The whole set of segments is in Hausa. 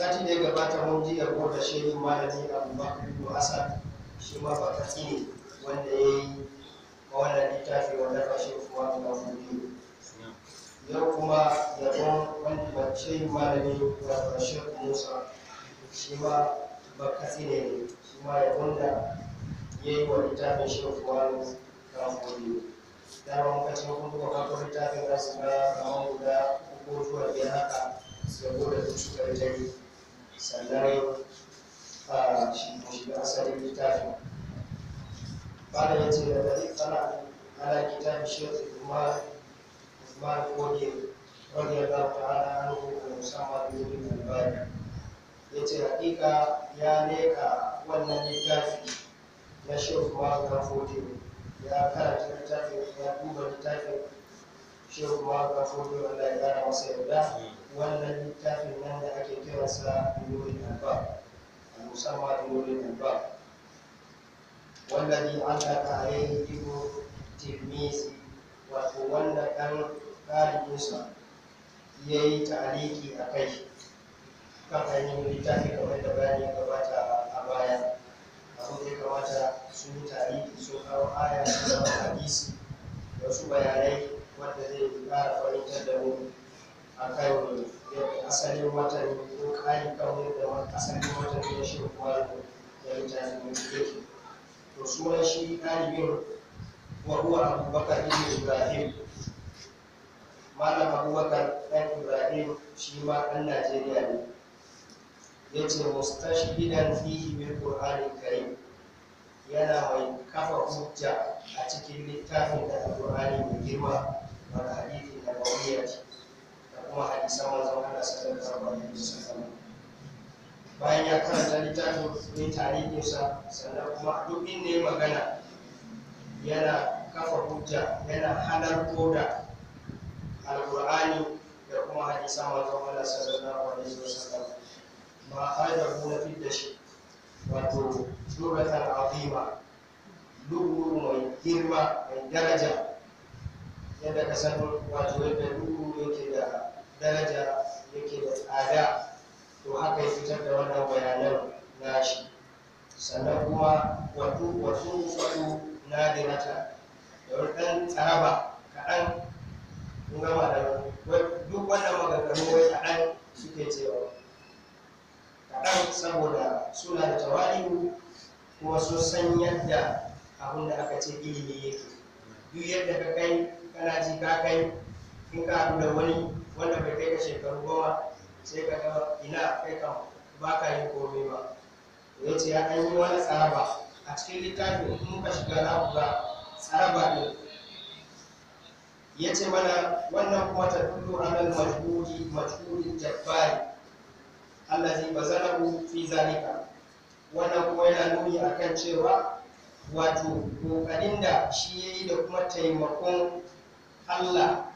sati da ya gabata mun ji da kota shehin malami abubakar ibn asad shi ma ba katsi ne wanda ya yi wannan littafi wanda ba shi kuma da mafuki yau kuma da don wanda shehin malami da ba shi musa shi ma ba katsi ne shi ma ya wanda ya yi wa littafin shi kuma da mafuki dama muka ce kun duka kakon littafin za su ga kamar guda uku zuwa biyar haka da su kare yi sannan a shiga asalin littafin bada ya ce da zai tsana a kitabin shirka kuma usman kogin wani ya zama ta hana hannu da musamman domin albani ya ce haƙiƙa ya leka wannan littafi na shirka mawaka kogin ya karanta littafi. ya duba littafin shirka mawaka kogin wanda ya gara masa yarda wannan littafin nan da ake kiransa Nurul a musamman Wanda Albab an allaka alayhi ibnu Tirmizi, wato wanda ɗan ɗalibinsa ya yi tariki a kai kan ainihin littafi kamar da bayani ya gabata a baya abin da ya kamata sun yi tariki sun kawo aya sun kawo hadisi da wasu bayanai wanda zai ƙara fahimtar da mu akan yadda asalin watan ko kayan kawo yadda asalin watan ya shi kuwa da littafin yake to sunan shi ɗalibin wa abubakar ibn ibrahim malam abubakar ɗan ibrahim shi ma ɗan najeriya ne ya ce mustashhidan fihi min qur'anin karim yana mai kafa hujja a cikin littafin da alqur'ani mai girma wal hadithi da mawiyati kuma hadisan manzon Allah sallallahu alaihi wasallam bayan ya karanta littafin ne sa, sannan kuma duk inda ya magana yana kafa hujja yana halarto da alqur'ani da kuma hadisan manzon Allah sallallahu alaihi wasallam ma hadahu na fidda shi wato lugatan azima lugu mai girma mai daraja yadda ka san wato yadda lugu yake da daraja yake da tsada to haka ya fitar da wannan bayanan nashi sannan kuma wato wato wato nadirata da wani ɗan tsaraba kaɗan kun gama da duk wannan maganganu wai kaɗan suke cewa kaɗan saboda suna da tawali'u kuma sun san yadda abin da aka ce ilimi yake duk yadda ka kai kana ji ka kai in ka haɗu da wani wanda bai kai da shekaru goma sai ka gaba ina kai kan ba ka yi komai ba ya ce ya yi wani tsaraba a cikin littafin in muka shiga za ku ga tsaraba ne ya ce mana wannan kuma ta dudu alal majhuri majhurin jabbari zana ku fi zalika wannan kuma yana nuni akan cewa wato kokarin da shi ya yi da kuma taimakon Allah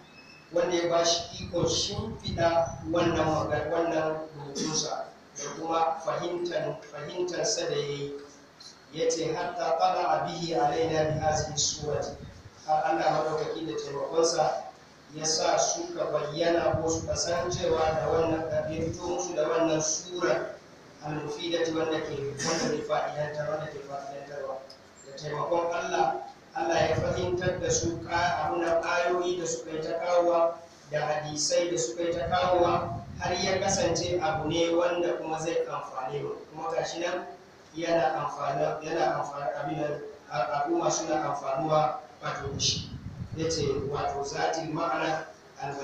wanda ya ba shi ikon shimfiɗa wannan wannan rubutunsa da kuma fahimtansa da ya yi ya ce hatta fara a bihi a laina bi hazin suwati har allah madaukaki da taimakonsa ya sa suka bayyana ko suka san cewa da wannan ɗabi'a da wannan surar al-mufidati wanda ke wanda ke fa'idantar wanda ke fa'idantarwa da taimakon allah Allah ya fahimtar da su na ayoyi da suka yi ta kawowa da hadisai da suka yi ta kawowa har ya kasance abu ne wanda kuma zai amfane mu kuma gashi nan yana amfana yana amfana abin al'umma suna amfanuwa wato shi ce wato zati ma'ana al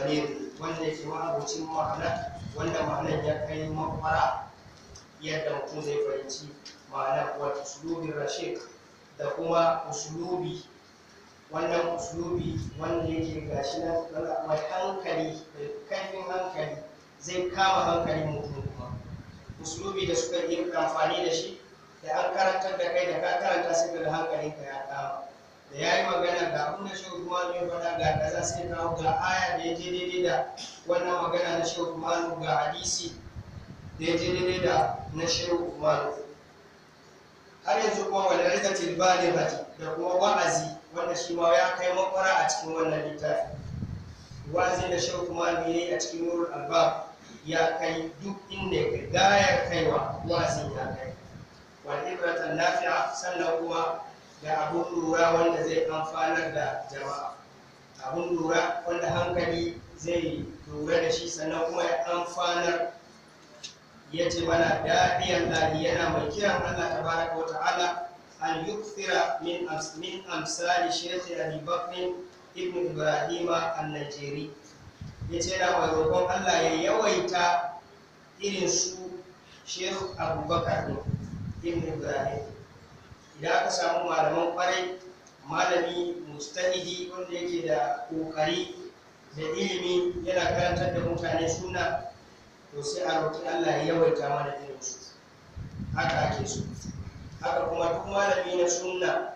wanda ke ma'abucin ma'ana wanda ma'anar ya kai makwara yadda mutum zai fahimci ma'ana wato sulubin rashid da kuma usulubi wannan usulubi wanda yake gashi nan mai hankali da kaifin hankali zai kama hankalin mutum kuma usulubi da suka yi amfani da shi da an karantar da kai da ka karanta sai da ka ya kama da ya yi magana ga abin da shehu kuma ya faɗa ga kaza sai kawo ga aya da ya je daidai da wannan magana na shehu kuma ga hadisi da ya je daidai da na shehu kuma. har yanzu kuma wani rizatin balibati da kuma wa'azi wanda shi ma ya kai makwara a cikin wannan littafi wa'azi da shi kuma ne a cikin wurin albab ya kai duk inda ya gaya kaiwa wa'azi ya kai wani ibratan lafiya sannan kuma da abun lura wanda zai amfanar da jama'a abun lura wanda hankali zai lura da shi sannan kuma ya amfanar ya ce mana da'iyan lahi yana mai kiran Allah tabaraka wa ta'ala an yukfira min asmin amsali shaykh ali Bakr ibn Ibrahim al-Najeri yace na mai roƙon Allah ya yawaita irin su shehu Abubakar ibn Ibrahim idan aka samu malaman kwarai malami mustahidi wanda yake da kokari da ilimi yana karantar da mutane suna to sai a roƙi Allah ya yawaita mana irin su haka ake so haka kuma duk malami na sunna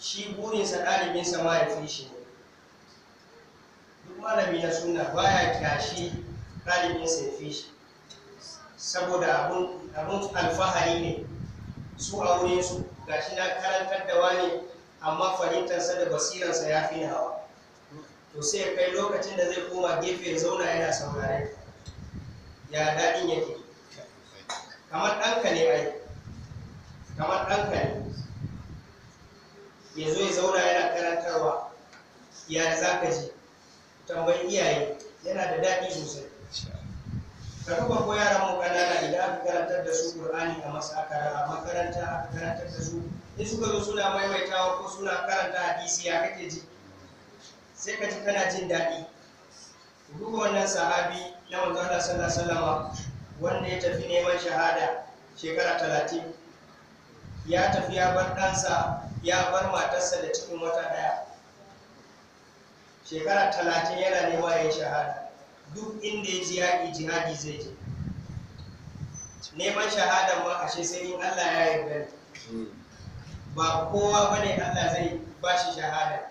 shi burinsa ɗalibinsa ma ya fi shi ne duk malami na sunna baya kyashi ɗalibinsa ya fi shi saboda abun alfahari ne su a wurinsu gashi na karantar da wani amma fahimtarsa da basirarsa ya fi hawa. to sai kai lokacin da zai koma gefe ya zauna yana saurare ya daɗin yake kamar ɗanka ne ai kamar ɗanka ne ya zo ya zauna yana karantarwa ya za ka ji tambayi iyaye yana da daɗi sosai ka duba ko yaran mu ƙanana idan aka karantar da su ƙur'ani a makaranta aka karantar da su in suka zo suna maimaitawa ko suna karanta hadisi ya kake ji sai ka ji kana jin daɗi duba wannan sahabi na manzo Allah sallallahu alaihi wasallam wanda ya tafi neman shahada shekara talatin ya tafi ya bar ɗansa ya bar matarsa da cikin wata ɗaya shekara talatin yana neman yin shahada duk inda ya ji yaƙi jihadi zai je neman shahada ma ashe sai in Allah ya yarda ba kowa ba ne Allah zai ba shi shahada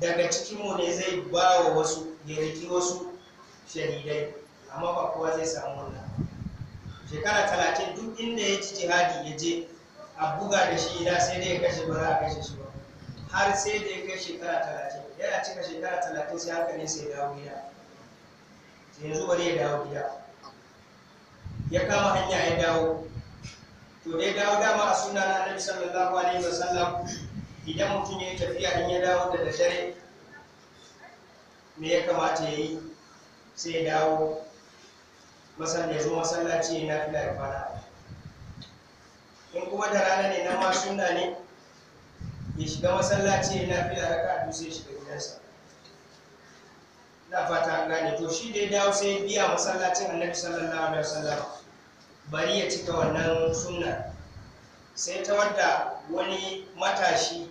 daga cikinmu ne zai ba wa wasu ya riki wasu shahidai amma ba kowa zai samu wannan shekara talatin duk inda ya ci jihadi ya je a buga da shi ila sai dai ya kashe ba za a kashe shi ba har sai da ya kai shekara talatin yana cika shekara talatin sai haka ne sai ya dawo gida sai yanzu bari ya dawo gida ya kama hanya ya dawo to dai dawo dama a suna na annabi sallallahu alaihi wasallam idan mutum ya yi tafiya in ya dawo da dare me ya kamata ya yi sai dawo masan ya zo masallaci ya nafila ya kwana in kuma da rana ne nan ma sunna ne ya shiga masallaci ya nafila raka a dusai shiga gidansa na fata an gane to shi da ya dawo sai ya biya masallacin annabi sallallahu alaihi wasallam bari ya cika wannan sunna sai ta wadda wani matashi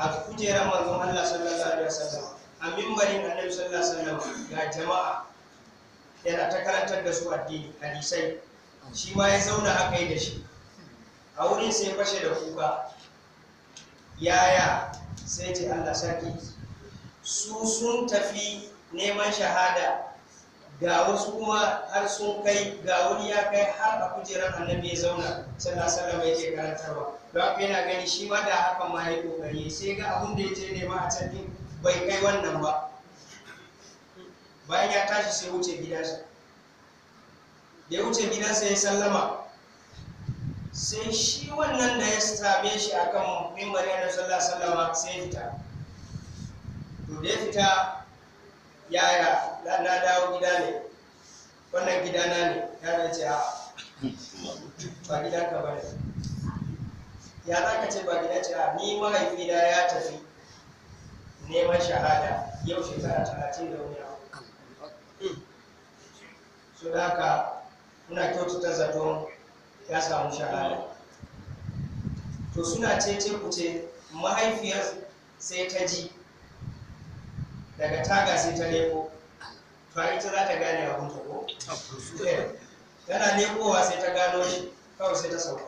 a kujerar manzon Allah sallallahu alaihi wasallam a mimbarin annabi sallallahu alaihi wasallam ga jama'a yana ta karantar da su addini hadisai shi ma ya zauna a kai da shi a wurin sai fashe da kuka yaya sai ce Allah sarki su sun tafi neman shahada ga wasu kuma har sun kai ga wani ya kai har a kujerar annabi ya zauna sallallahu alaihi yake karantarwa don haka yana gani shi ma da hakan ma ya kokari sai ga abin da ya je nema a cikin bai kai wannan ba bayan ya tashi sai wuce gidansa da ya wuce gidansa ya sallama sai shi wannan da ya same shi akan mimbar yana sallah sallama sai ya fita to da ya fita yaya na dawo gida ne wannan gida na ne ya ce a ba gidanka ba ne ya za ka ce ba gida ce a ni mahaifina ya tafi neman shahada yau shekara talatin da wani abu so da haka muna kyautata zato ya samu shahada to suna cece kuce mahaifiyar sai ta ji daga taga sai ta nemo. to ita za ta gane a ta ko eh, tana lekowa sai ta gano shi kawai sai ta sauka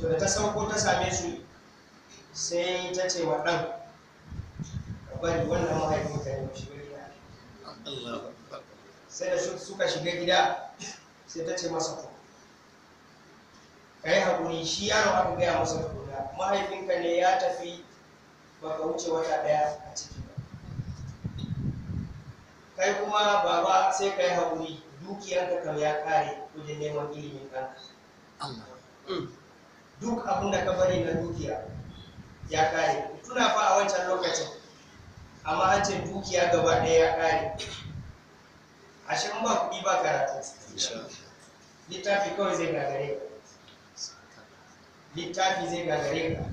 so da ta sauko ta same su sai ta ce wa ɗan bari wannan mahaifin ta ne shiga gida sai da suka shiga gida sai ta ce masa to ka yi haƙuri shi yaro aka gaya masa tukuna mahaifinka ne ya tafi ba ka wuce wata ɗaya a ciki ba kai kuma baba sai ka yi haƙuri dukiyarka kam ya kare wajen neman ilimin ɗanka mm. duk abin da ka bari na dukiya ya kare tuna fa a wancan lokacin amma an ce dukiya gaba ɗaya ya kare A in ba kuɗi ba karatu littafi kawai zai gagare ka littafi zai gagare ka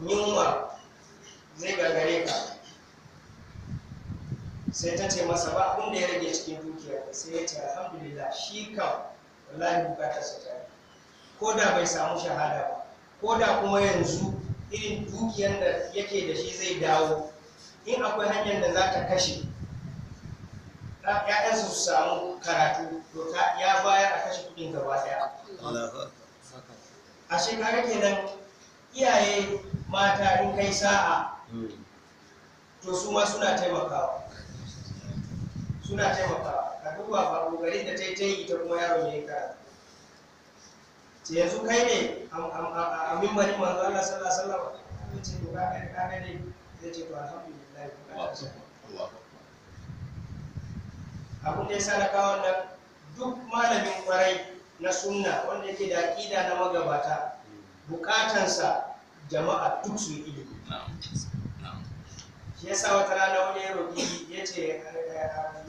yunwa zai gagare ka sai ta ce masa ba abin da ya rage cikin dukiya sai ya ce alhamdulillah shi kam wallahi bukatar su ta ko da bai samu shahada ba ko da kuma yanzu irin dukiyar da yake da shi zai dawo in akwai hanyar da za ta kashe ‘ya'yansu su samu karatu to ya bayar a kashe kudin gaba daya a shekara kenan iyaye mata in kai sa'a to su ma suna taimakawa suna taimakawa ka duba ba kokarin da ta yi ta yi ta kuma yaro ya ce yanzu kai ne a mimbarin manzo Allah sallallahu alaihi wasallam ya ce to kaga kaga ne zai ce to alhamdulillah abun da yasa na kawo wannan duk malamin kwarai na sunna wanda yake da aqida na magabata bukatansa jama'a duk su yi ilimi shi yasa wata rana wani ya roƙi ya ce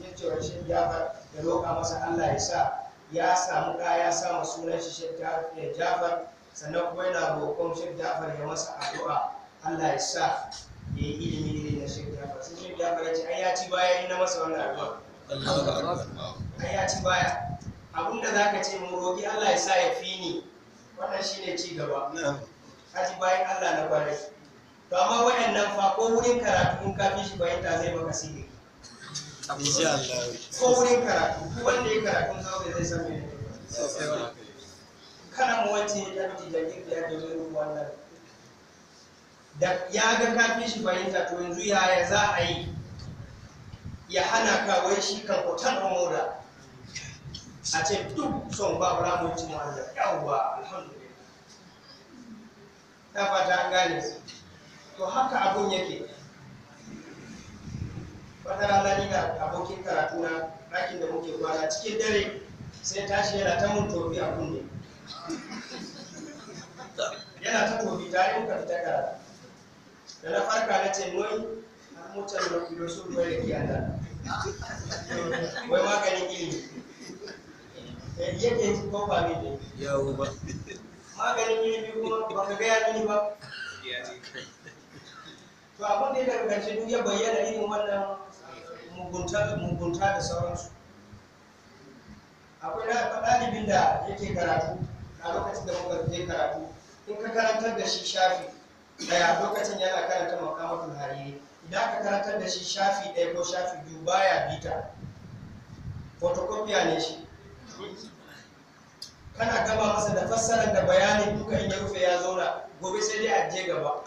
ya ce wa shi ya roƙa masa Allah ya sa ya samu ɗa ya samu sunan shi shek eh, jafar sannan kuma yana roƙon shek jafar ya masa addu'a allah ya sa ya yi ilimi ne na shek jafar sai shek jafar ya ce ai ya ci baya ina masa wannan addu'a Allah ya ci baya abinda za ka ce mu roƙi allah ya sa ya fi ni wannan shi ne ci gaba ka ci baya allah na kwarai to amma waɗannan fa ko wurin karatu in ka fi shi fahimta zai maka sihiri ko wurin karatu duk wanda ya karatu zo ba. zai sami ne kana mu wace ya tafi da yin da ya zo yin wannan da ya ga kafin shi fahimta to yanzu yaya za a yi ya hana ka wai shi kan hoton omoda a ce duk son babu ramun cin wanda yawwa alhamdulillah ta fata an gane to haka abun yake wata rana ni da abokin karatu na ɗakin da muke kwana cikin dare sai tashi yana ta mun tofi a kunne yana ta tofi tare muka fita karatu da na farka na ce noi an mutan da kulo sun bai da kiyata wai maganin ilimi yadda eh, ya ko ba mai dai yawo ba maganin ilimi kuma ba ka gaya mini ba to abin da ya daga ƙarshe duk ya bayyana irin wannan mugunta da sauransu akwai ɗalibin da yake karatu a lokacin da muka fiye karatu in ka karantar da shi shafi daya lokacin yana karanta makamatul hariri idan ka karantar da shi shafi ɗaya ko shafi biyu baya bita fotokofiya ne shi kana gaba masa da fassara da bayanin duka in ya rufe ya zauna gobe sai dai a je gaba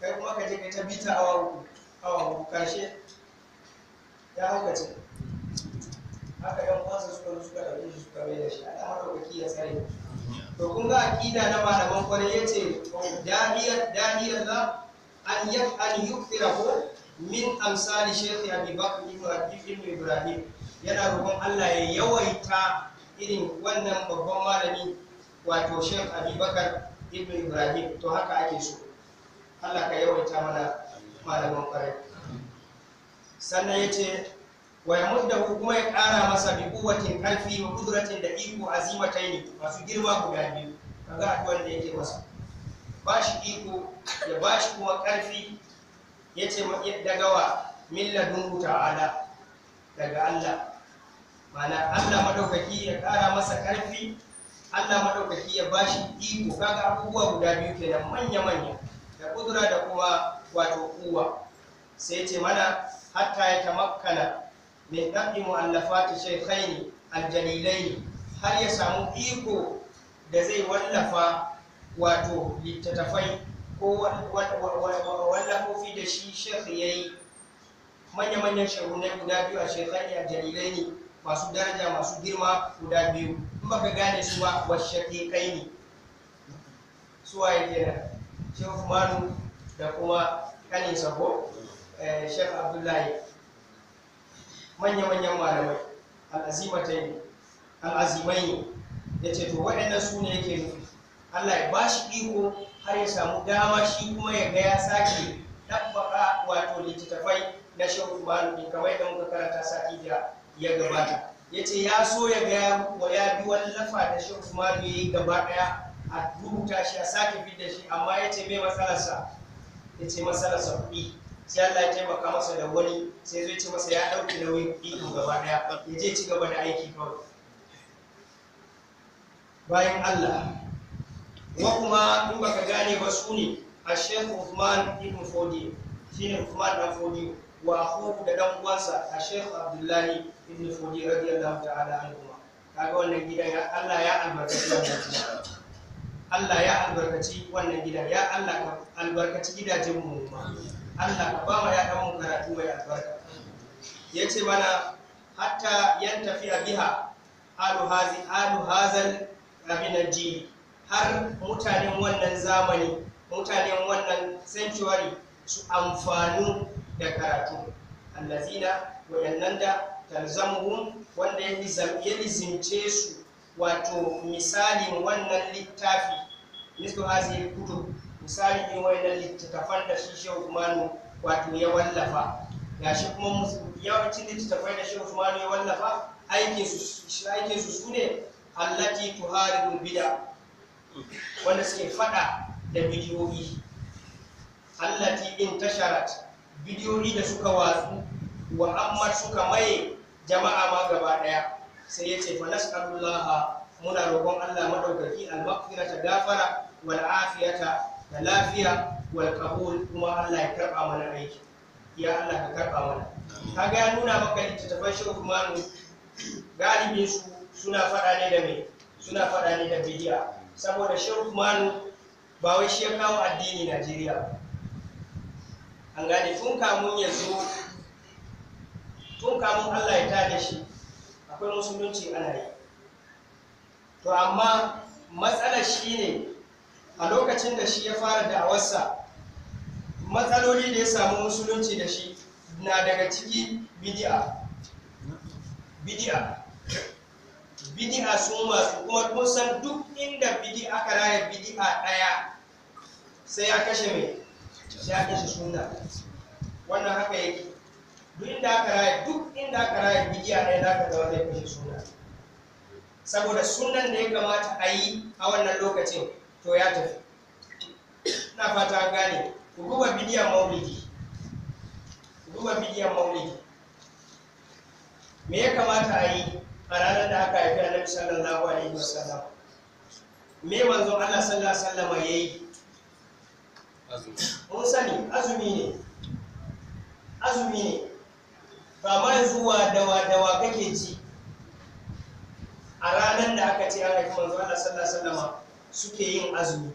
kai kuma ka je ka ta bita awa uku awa ya haukace haka yan uwansa suka suka ɗauke shi suka da shi Allah ya tsare to kun ga akida na malaman kwarai yace dahiyar dahiyar za an yi an ko min amsali shaykh abi bakr ibn ibrahim yana roƙon Allah ya yawaita irin wannan babban malami wato shaykh abibakar ibn ibrahim to haka ake so Allah ka yawaita mana malaman kwarai sannan ya ce wa ya muddahu kuma ya ƙara masa bi kuwatin ƙarfi wa kudratin da iko azimatai ne masu girma guda biyu kaga addu'ar da yake masa ba shi iko ya ba shi kuma ƙarfi ya ce daga wa Milla, milladun ta'ala daga Allah mana Allah madaukaki ya ƙara masa ƙarfi Allah madaukaki ya ba shi iko kaga abubuwa guda biyu kenan manya-manya da kudura da kuma wato kuwa sai ce mana hatta ya tamakkana min ɗaɗi mu'allafati shaikhaini aljalilaini har ya samu iko da zai wallafa wato littattafai ko wallafofi da shi shekh ya yi manya-manyan shehunai guda biyu a shekhaini ne, masu daraja masu girma guda biyu in baka gane su ba washaƙiƙaini suwaye kenan shehu manu da kuma kanin sabo Eh, Sheikh abdullahi manya-manyan malamai al'azimatai al'azimai ya ce to waɗannan su ne yake nufi allah ya ba shi iko har ya samu dama shi kuma ya ga ya sake ɗabbaka wato littattafai na shehu malumi kamar da muka karanta sati da ya gabata ya ce ya so ya ga ya bi wani lafa da shehu malumi ya yi gaba ɗaya a rubuta shi a sake fidda shi amma ya ce mai matsalarsa ya ce matsalarsa kuɗi sai Allah ya taimaka masa da wani sai zai ce masa ya ɗauki nauyin iko gaba ɗaya ya je ci gaba da aiki kawai bayan Allah wa kuma in baka gane ba su ne a Sheikh Uthman ibn Fodi shine Uthman dan Fodi wa akhuhu da dan uwansa a Sheikh Abdullahi ibn Fodi radiyallahu ta'ala anhu kaga wannan gidan ya Allah ya albarkaci wannan gida. Allah ya albarkaci wannan gidan ya Allah ka albarkaci gidajen mu ma Allah ka ba mu ya karatu mai albarka ya ce mana hatta yan tafiya biha halu hazi halu hazal rabin har mutanen wannan zamani mutanen wannan century su amfanu da karatu allazina wayannan da talzamuhum wanda ya lizince su wato misalin wannan littafi mislu kudu kutub misali wai na littattafan da shi shehu usmanu wato ya wallafa shi kuma yawancin littattafai da shehu usmanu ya wallafa aikin su aikin su sune allati tuharidul bid'a wanda suke fada da bidiyoyi allati intasharat bidiyoyi da suka watsu wa amma suka maye jama'a ma gaba daya sai ya ce falas'alullaha muna roƙon Allah madaukaki al ta gafara wal afiyata da lafiya wal kabul kuma Allah ya karba mana aiki ya Allah ka karba mana kaga ya nuna maka littattafan shi kuma galibin su suna fada ne da me suna fada ne da bidiya saboda shehu manu ba wai shi ya kawo addini Najeriya an gane tun kamun ya zo tun kamun Allah ya tada shi akwai musulunci ana yi to amma matsalar shi ne a lokacin da shi ya fara da'awarsa matsaloli da ya samu musulunci da shi na daga ciki bidi'a bidi'a bidi'a sun masu kuma kun san duk inda bidi'a aka raya bidi'a ɗaya sai ya kashe mai ya kashe suna wannan haka yake duk inda aka raya duk inda aka raya bidi'a ɗaya za ka zama zai kashe suna saboda sunan da ya kamata a yi a wannan lokacin to ya tafi ina fata an gane ku duba bidiyon maulidi ku duba maulidi me ya kamata a yi a ranar da aka haifi a nabi sallallahu alaihi sallam me manzon Allah sallallahu alaihi ya yi mun sani azumi ne azumi ne ba ma yanzu dawa dawa kake ci a ranar da aka ce an haifi manzon Allah sallallahu alaihi wasallam suke yin azumi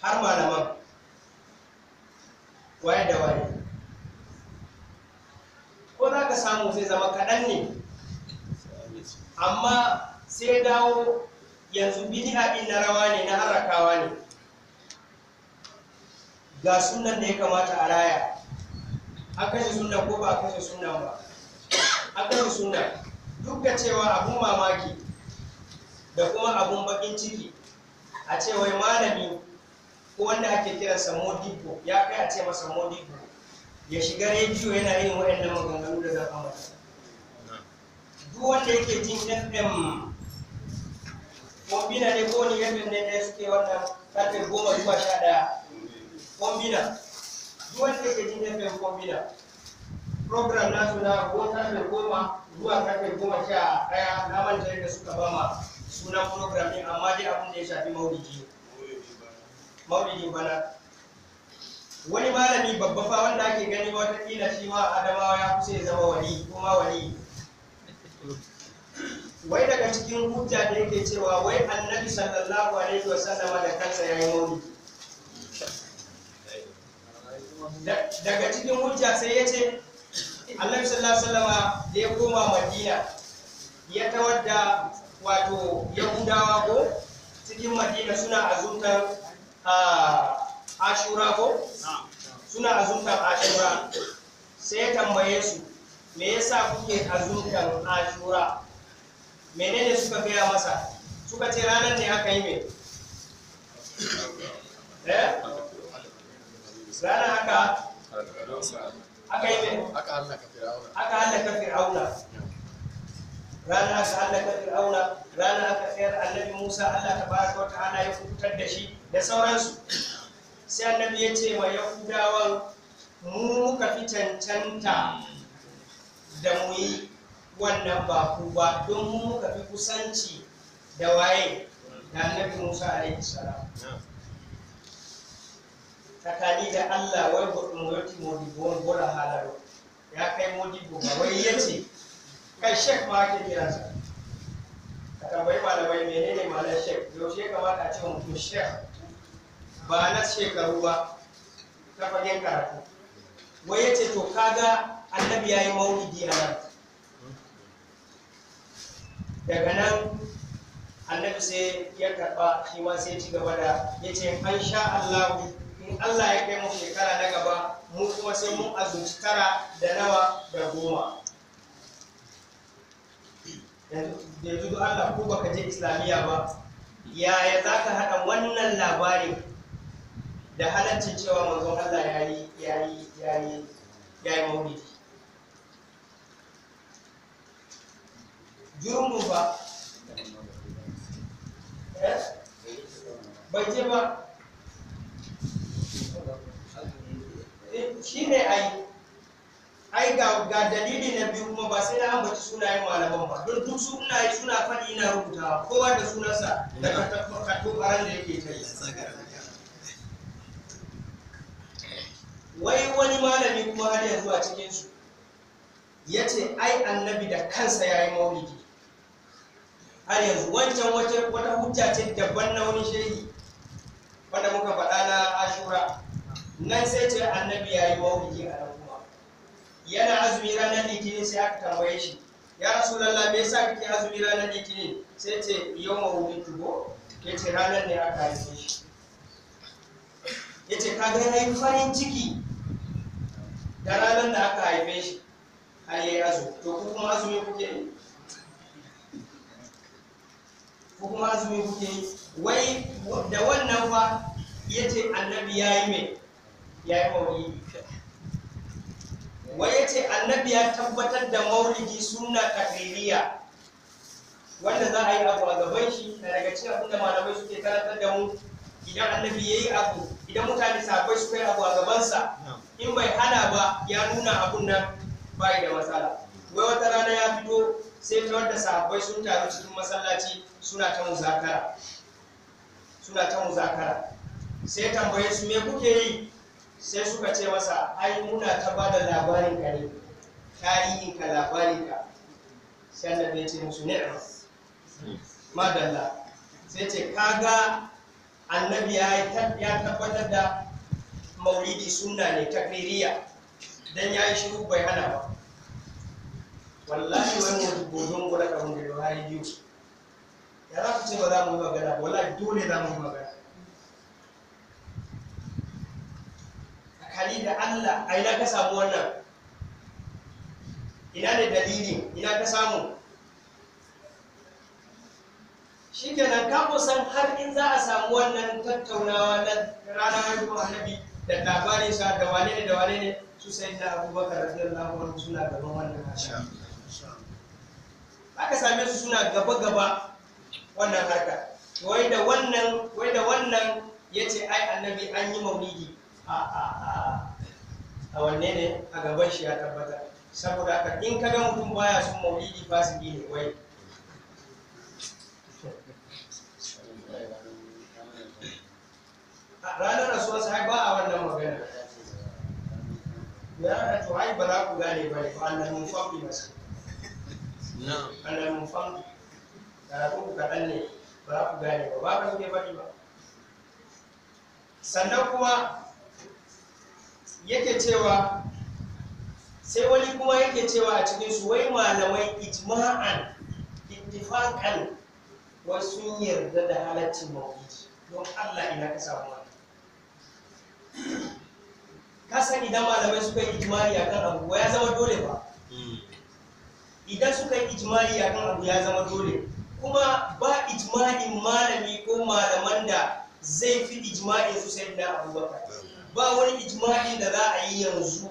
har malaman waye da waye ko za ka samu sai zama kaɗan ne amma sai dawo yanzu bini din na rawa ne na harakawa ne ga sunan da ya kamata a raya a kashe sunan ko ba a kashe sunan ba a kashe sunan duk da cewa abun mamaki da kuma abun bakin ciki a ce wai malami ko wanda ake kiransa modibo ya kai a ce masa modibo ya shiga rediyo yana yin waɗannan maganganu da zan ambata duk wanda yake jin fm kombina ne ko wani fm ne da suke wannan karfe goma zuwa sha ɗaya kombina duk wanda yake jin fm kombina program nasu na ko karfe goma zuwa karfe goma sha ɗaya na yadda suka bama sunan program din amma dai abin da ya shafi maulidi maulidi bana wani malami babba fa wanda ake gani kila shi ma adamawa ya kusa ya zama wali kuma wali wai daga cikin hujja da yake cewa wai annabi sallallahu alaihi wasallam da kansa ya yi maulidi daga cikin hujja sai ya ce Allah sallallahu alaihi wasallam da ya koma madina ya tawadda. wato yahudawa ko cikin madina suna azumtar ashura ko suna azumtar ashura sai ya tambaye su me yasa kuke azumtar ashura menene suka gaya masa suka ce ranar ne aka yi mai eh ranar haka aka yi mai aka hallaka fir'auna ranar aka ta fir'auna ranar aka tsayar annabi musa allah ta wa ta'ala ya fitar da shi da sauransu sai annabi ya ce wa yahudawan mu muka fi cancanta da mu yi wannan ba ku ba don mu muka fi kusanci da waye da annabi musa alaihi salam tsakani da allah wai mu yoti modibo bora halaro ya kai modibo ba wai yace kai shek ma ake kira sa ka tambayi malamai menene malar shek yaushe ya kamata a ce mutum shek ba na shekaru ba na fagen karatu wai ya ce to kaga annabi ya yi maulidi a nan daga nan annabi sai ya karɓa shi ma sai ci gaba da ya ce an sha allahu in allah ya kai mu shekara na gaba mu kuma sai mun azuci tara da nawa da goma yanzu da Allah ko baka je islamiyya ba yaya za ka haɗa wannan labarin da halaccin cewa manzon Allah ya yi ya yi ya yi ya yi maulidi jurumu ba eh? bai je ba eh, shi ne ai ai ga ga dalili na biyu kuma ba sai na ambaci sunayen malaman ba don duk suna suna fadi na rubuta, kowa da sunansa da katobaran da yake kai. yi wai wani malami kuma har yanzu a cikinsu ya ce ai annabi da kansa ya yi maulidi har yanzu wancan wata hujja ce daban na wani shehi wanda muka faɗa na ashura nan sai ce annabi ya yi maulidi a nan yana azumi ranar litinin sai aka tambaye shi ya rasulallah me yasa kake azumi ranar litinin sai ce yau wuri tubo ya ce ranar ne aka haife shi ya ce kaga yana farin ciki da ranar da aka haife shi har yi azumi to ku kuma azumi kuke yi ku kuma azumi kuke yi wai da wannan fa ya ce annabi ya yi mai ya yi mawulidi waye ce annabi ya tabbatar da maulidi suna takririya wanda za a yi abu a gaban shi da daga cikin abin da malamai suke karantar da mu idan annabi ya yi abu idan mutane sabai su kai abu a gabansa in bai hana ba ya nuna abun nan bai da matsala wai wata rana ya fito sai ta wanda sahabbai sun taru cikin masallaci suna ta muzakara suna ta muzakara sai tambaye su me kuke yi sai suka ce masa ai muna ta ba da labarin ka ne tarihin ka labarin ka sai annabi ya ce musu ni'am madalla sai ce kaga annabi ya tabbatar da maulidi sunna ne ta takfiriya dan ya yi shiru bai hana ba wallahi wani gudun gura ka hundu da hari biyu ya za ku ce ba za mu yi magana wallahi dole za mu yi magana kali da Allah a ina ka samu wannan ina ne dalili ina ka samu kenan ka kusan har in za a samu wannan tattaunawa na ranar haihuwar annabi da labarin sa da wane ne da wane ne su sai da abubakar radiyallahu anhu suna gaban wannan hasha aka same su suna gaba gaba wannan harka wai da wannan wai da wannan ai annabi an yi maulidi a a a a wanne ne a gaban shi ya tabbata saboda haka in ka ga mutum baya sun maulidi su ne wai ranar rasuwar sai ba a wannan magana ya da to ai ba za ku gane ba ne ba Allah mun faɗi masu Allah mun faɗi karatu ku kaɗan ne ba ku gane ba ba ba ke faɗi ba sannan kuma yake cewa sai wani kuma yake cewa a cikin su wai malamai ijma'an ittifaqan wa sun yarda da halaccin maulidi don Allah ina ka samu wannan ka san idan malamai suka yi ijmari akan abu ya zama dole ba idan suka yi ijmari akan abu ya zama dole kuma ba ijmarin malami ko malaman da zai fi ijmarin su sai da abubakar ba wani ijma'i da za a yi yanzu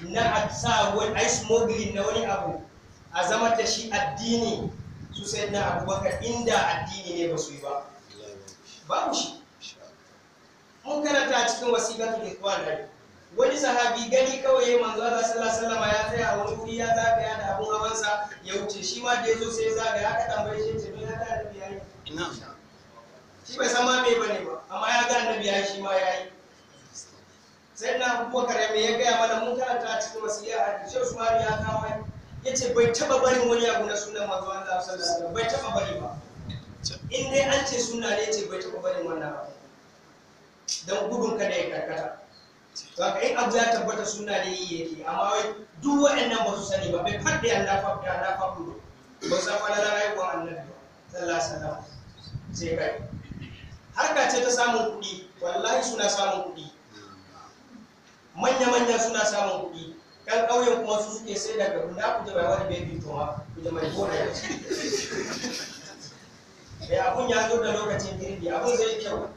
na a sa wani ai smuggling na wani abu a zama ta shi addini su sai na abubakar inda addini ne ba su yi ba babu shi mun karanta cikin wasiƙatul ikhwan da wani sahabi gani kawai yi manzo Allah sallallahu alaihi ya tsaya a wani wuri ya zagaya da abun hawansa ya wuce shi ma da yazo sai ya zagaya aka tambaye shi ce me ya ga annabi yayi shi bai san ma me bane ba amma ya ga annabi yayi shi ma yayi sai na abubakar ya ya gaya mana mun karanta a cikin wasiya a cikin su ya kawo ya ce bai taba barin wani abu na sunan manzo Allah sallallahu alaihi wasallam bai taba bari ba in dai an ce sunna ne ce bai taba barin wannan ba dan gudun kada ya karkata to haka in abu ya tabbata sunna ne yi yake amma wai duk waɗannan ba su sani ba bai fadda ya lafa ya lafa ku ba san fa da rayuwar annabi sallallahu alaihi wasallam sai kai harka ce ta samun kuɗi wallahi suna samun kuɗi manya-manya suna samun kuɗi kan ƙauyen kuma su suke sai daga na kuje bai wani bai to ma kuje mai gona ya ci bai abun ya zo da lokacin girbi abun zai kyau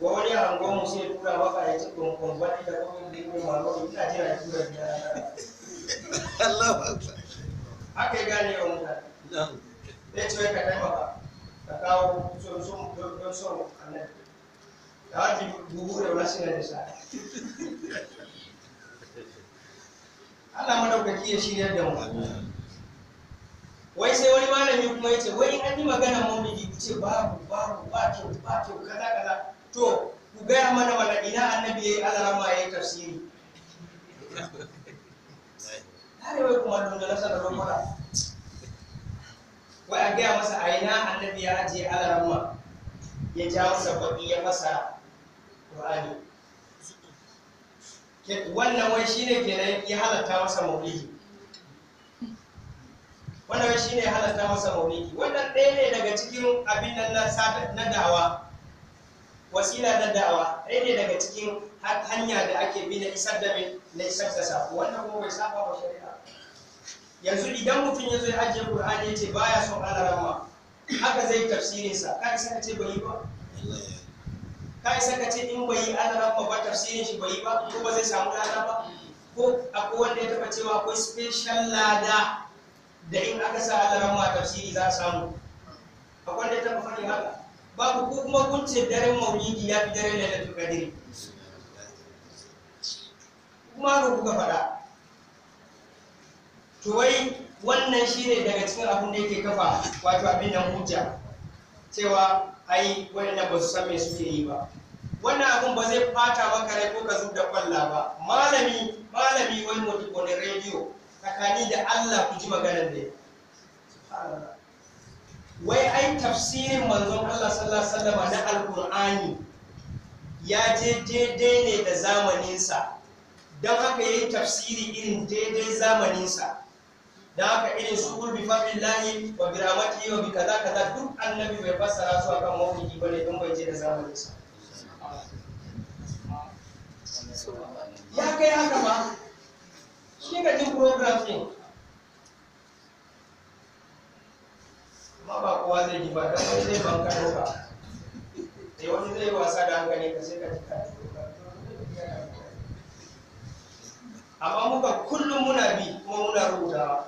wa wani hangon mu sai tura maka ya ci kunkun wani da kuma girbi ma ba ina jira tura da Allah haka gane wa mutane zai ce ka taimaka ka kawo son son annabi Dati bubu da wasu da sa. Allah madaukaki ya shirya da wani. Wai sai wani malami kuma ya ce wai an yi magana mu maulidi ku ce babu babu ba kyau ba kyau kaza kaza. To ku gaya mana mana ina annabi ya yi alarama ya yi tafsiri. Tare wai kuma dangane sa da ramara. Wai a gaya masa a ina annabi ya ajiye alarama ya ja masa baki ya masa wannan wai shine kenan ya halatta masa maulidi wannan wai shine ya halatta masa maulidi wannan ɗaya ne daga cikin abin nan na dawa wasila na dawa ɗaya ne daga cikin hanya da ake bi na isar da na isar da safu wannan kuma bai saba wa shari'a yanzu idan mutum ya zo ya ajiye qur'ani ya ce baya son alarama haka zai tafsirinsa kai sai ka ce bai yi ba kai saka ce in bai yi adaran ba tafsirin shi bai yi ba ko ba zai samu lada ba ko akwai wanda ya taba cewa akwai special lada da in aka sa adaran ma tafsiri za a samu akwai wanda ya taba faɗi haka babu ko kuma kun ce daren maulidi ya fi daren lailatul qadr kuma ga kuka faɗa to wai wannan shine daga cikin abin da yake kafa wato abin nan hujja cewa ai waɗanda ba su san me suke yi ba wannan abun ba zai fata maka rai ko ka zub da kwalla ba malami malami wai mutum wani rediyo tsakani da Allah ku ji maganar ne wai ai tafsirin manzon Allah sallallahu alaihi wasallam na alqur'ani ya je daidai ne da zamaninsa don haka yi tafsiri irin daidai zamaninsa da haka irin su kurbi famillahi wa biramati wa bi kaza kaza duk annabi bai fassara su akan mawuki bane don bai ce da zamanin su ya kai haka ba shi ga jin program din amma ba kowa zai yi ba dan wani zai banka doka Da wani zai wasa da hankali ka sai ka ji ka amma muka kullum muna bi kuma muna rubutawa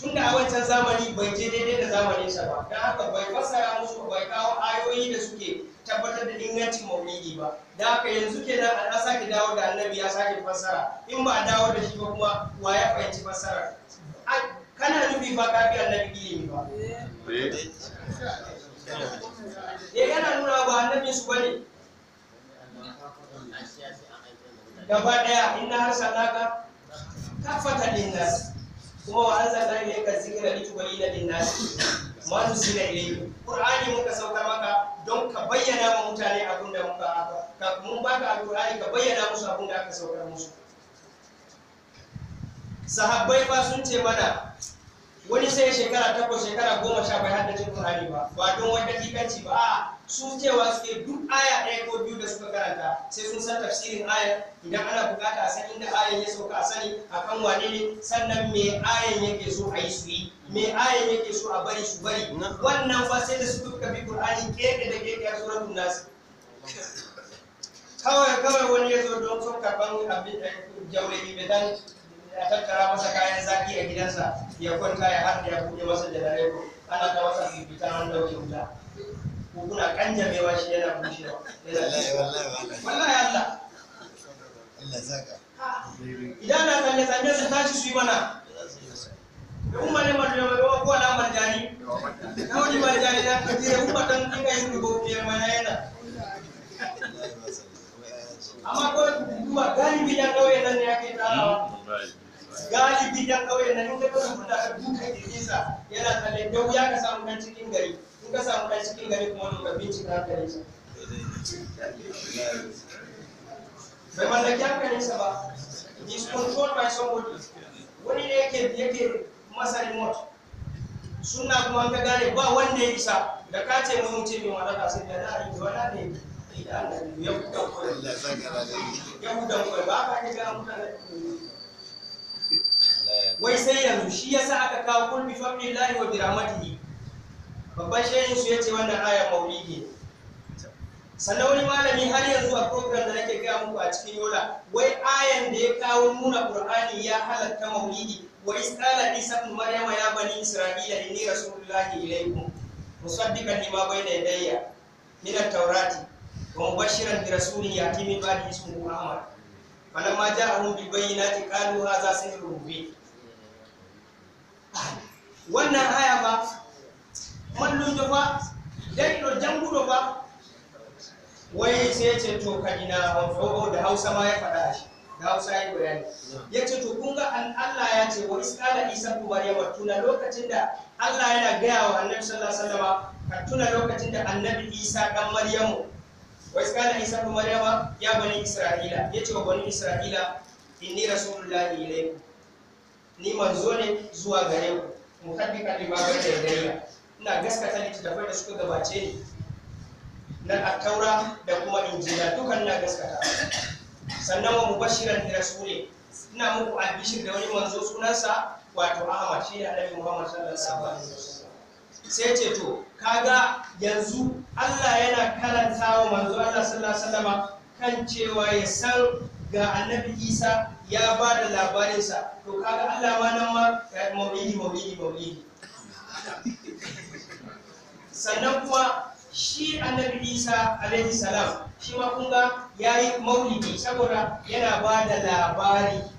tunda a wancan zamani bai je daidai da zamanin sa ba dan haka bai fassara musu bai kawo ayoyi da suke tabbatar da ingancin maulidi ba da haka yanzu kenan an sake dawo da annabi ya sake fassara in ba dawo da shi ba kuma wa ya fahimci fassara kana nufi ba kafi annabi ilimi ba Ya eh, yana nuna ba annabi su bane gaba daya inna har sadaka kafata linnas kuma wa anzalna ilayka zikra litubayyana lin-nas ma nuzila ilayhim qur'ani muka saukar maka don ka bayyana wa mutane abin da muka aka ka mun baka alqur'ani ka bayyana musu abin da aka saukar musu sahabbai ba sun ce mana wani sai shekara takwas shekara goma sha bai haddace Qur'ani ba ba don wani dakikanci ba a su cewa suke duk aya ɗaya ko biyu da suka karanta sai sun san tafsirin ayar idan ana bukata a san inda ayan ya sauka a sani akan wane ne sannan me ayan yake so a yi su yi me ayan yake so a bari su bari wannan fa sai da su duka bi Qur'ani keke da keke a suratul nas kawai kawai wani ya zo don son karban abin eh, da jaure bi dan ya tattara masa kayan zaki a gidansa ya kwanta ya har ya buɗe masa janareto ana ta masa fifita an dauke wuta ko kuna kanjamewa shi yana bushewa wallahi wallahi Allah Allah zaka idan na sanye sanye su tashi su yi mana da umma ne marjani mai wa kowa na marjani na wani marjani na kaji da umma dan kika yin rubo biyar mana yana amma kawai duba galibi yan kauye nan ne ake tsarawa galibi yan kauye nan in ka kawai kuɗa ka duka kirkisa yana tsalle da wuya ka samu ɗan cikin gari in ka samu ɗan cikin gari kuma wani ka bincika ka rinsa bai mallaki hankalinsa ba he is controlled by somebody wani ne yake yake masa remote suna kuma ka gane ba wanda ya isa da ka ce mun mutum mai wadata sai da na aiki wani ne wai sai yanzu shi ya sa aka kawo kulmi family lahi wa biramatihi babban shayin su ya ce wannan ayar maulidi sannan wani malami har yanzu a program da nake gaya muku a cikin yola wai ayan da ya kawo nuna qur'ani ya halatta maulidi Wai tsala ni ibn maryama ya bani isra'ila inni rasulullahi ilaykum musaddiqan lima bayna yadayya min at-taurati ومبشرا برسول يأتي من بعد اسمه أحمد فلما جاءهم بالبينات قالوا هذا سحر مبين wannan aya ba mallum da ba dai do jangu da ba wai sai ce to kadina wanzo da ya faɗa shi bayani ya ce to kun ga an Allah ya ce wa isa isqala isa ku maryama tuna lokacin da Allah yana gaya wa Annabi sallallahu alaihi wasallama ka tuna lokacin da Annabi Isa dan Maryamu wai kana isa bin maryama ya bani isra'ila ya ce wa bani isra'ila inni rasulullahi ilaikum ni manzo ne zuwa gare ku muhaddika da bayna yadayya ina gaskata littattafai da suka gabace ni na attaura da kuma injila dukan na gaskata sannan wa mubashiran bi rasuli ina muku albishir da wani manzo sunansa wato ahmad shi ne annabi muhammad sallallahu alaihi wasallam sai ce to kaga yanzu Allah yana karanta wa manzo Allah sallallahu alaihi wasallam kan cewa ya san ga annabi Isa ya ba da labarinsa to kaga Allah ma nan ma maulidi maulidi maulidi sannan kuma shi annabi Isa alaihi salam shi ma kun ga yayi maulidi saboda yana ba da labari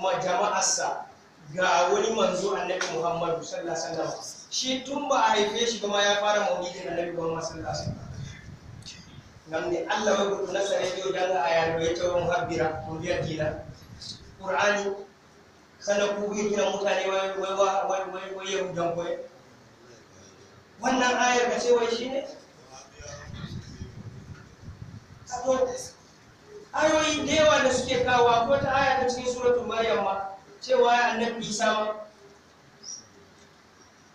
ma jama'arsa ga wani manzo annabi muhammadu sallallahu alaihi wasallam shi tun ba a haife shi ba ma ya fara maulidin annabi muhammad sallallahu alaihi wasallam ngam ne allah ma gudu nasara yau danga aya no ya tawo muhabbira mun biya dina qur'ani sana ku yi kira mutane wai wai wai wai wai yau dan koyi wannan ayar ka ce wai shine ayoyi da yawa da suke kawo ko ta aya ta cikin suratul maryam ma cewa ya annabi isa ba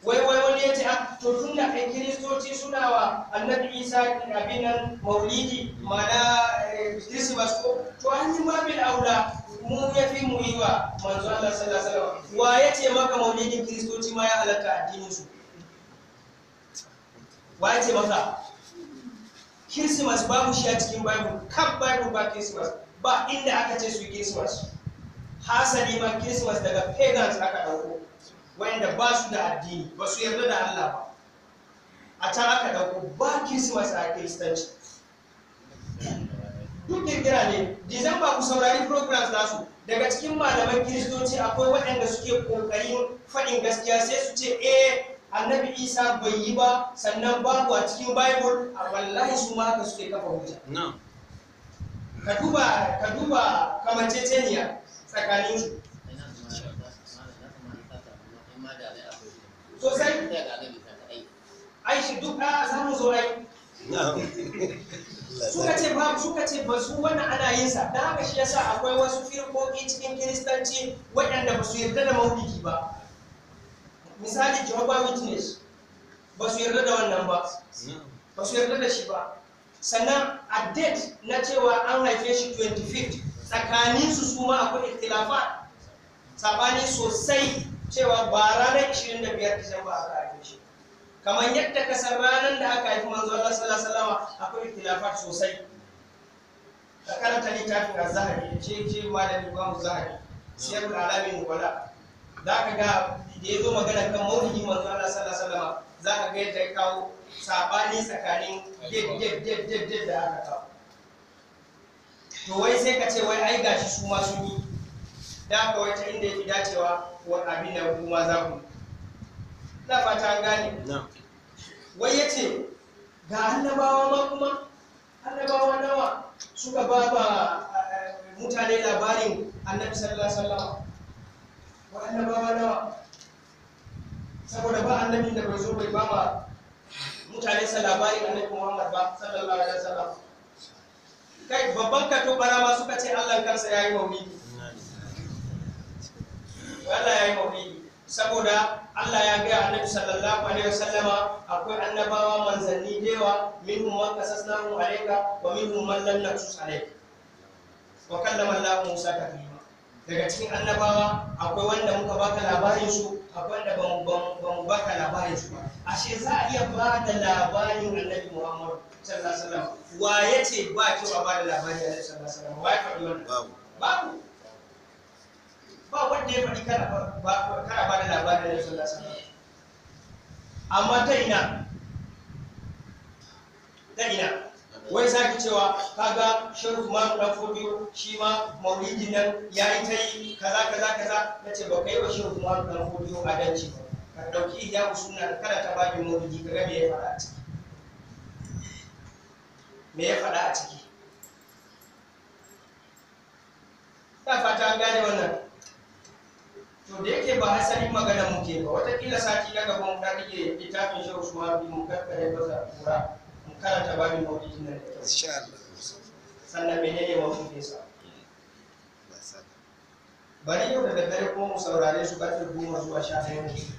wai wai wani ya ce ah, to tun da kiristoci suna wa annabi isa abin nan maulidi mana eh, christmas ko to an yi mabin aula mu ya fi mu yi wa manzo Allah sallallahu alaihi wasallam wa ya ce maka maulidin kiristoci ma ya halatta addinin su wa ya ce maka christmas babu shi a cikin bible kan bible ba christmas ba inda aka ce su yi christmas hasali ma christmas daga pagans aka dauko wanda ba su da addini ba su yarda da allah ba a can aka dauko ba christmas a kiristanci duk kirkira ne December ku saurari programs nasu daga cikin malaman kiristoci akwai waɗanda suke ƙoƙarin faɗin gaskiya sai su ce eh annabi isa bai yi ba sannan babu a cikin bible a wallahi su ma haka suke kafa hujja ka duba ka duba tsakanin sosai ai shi duk a samu zo suka ce babu suka ce ba su wannan ana yin sa da haka shi yasa akwai wasu firkoki cikin kiristanci waɗanda ba su yarda da maulidi ba misali jehovah witness ba su yarda da wannan ba ba su yarda da shi ba sannan a date na cewa an haife shi 25 tsakaninsu su ma akwai ikhtilafa sabani sosai cewa ba ranar 25 Disamba aka haife shi kamar yadda ka san ranar da aka haifi manzo Allah sallallahu alaihi wasallam akwai ikhtilafat sosai da karanta littafin az-Zahabi ce ce malami ba mu Zahabi sai da alamin wala za ka ga da ya zo magana kan maulidi manzo Allah sallallahu alaihi wasallam za ka ga yadda ya kawo sabani tsakanin jeb jeb jeb jeb da aka kawo to wai sai ka ce wai ai gashi su ma sun yi da ka wai ta inda fi dacewa wa abin da ku ma za ku na fata an gane wai ya ce ga annabawa ma kuma annabawa nawa suka ba ba eh, mutane labarin annabi sallallahu alaihi wasallam wa annabawa nawa saboda ba annabin da bai zo bai ba ma mutane sa labarin annabi Muhammad ba sallallahu alaihi wasallam kai babban tubara ma suka ce Allah karsa ya yi maulidi Allah ya yi maulidi saboda Allah ya gaya annabi sallallahu alaihi wasallama akwai annabawa manzanni dewa minhu man kasasnahu alayka wa minhu man lam naqsus alayka wa kallama Allah Musa taklima daga cikin annabawa akwai wanda muka baka labarin su akwai wanda ba mu baka labarin su ba ashe za a iya ba da labarin annabi muhammadu sallallahu alaihi wasallam ya ce ba a ba da labarin annabi sallallahu alaihi wasallam wa ya faɗi wannan babu babu ba wanda ya faɗi ba ba da labarin annabi sallallahu alaihi wasallam amma ta ina ta ina wai zaki cewa kaga sharif ma dan fodiyo shi ma maulidi nan yi ta yi kaza kaza kaza ce ba kai wa sharif ma dan fodiyo adalci ba ka ɗauki hijabu suna da karanta babin maulidi ka ga me ya faɗa a ciki me ya faɗa a ciki ta fata an gane wannan to da yake ba hasalin magana muke ba watakila sati na gaba mu dan rike littafin shehu sumaru mu karkare masa kura mu karanta babin maulidi nan da kyau insha Allah sannan menene mawdu'in sa mm. bari yau da daddare ko mu saurare su karfe goma zuwa sha ɗaya